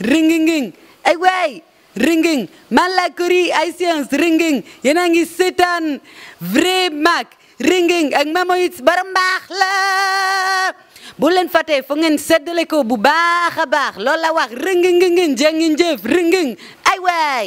ringing ay waay ringing man la ay science ringing yéen a ngi seetaan vrai ringing ak Mama Its borom baax la bu leen fàttee fu ngeen seddale ko bu baax a baax loolu la wax ringing ngeen jàngin jëf ringing ay waay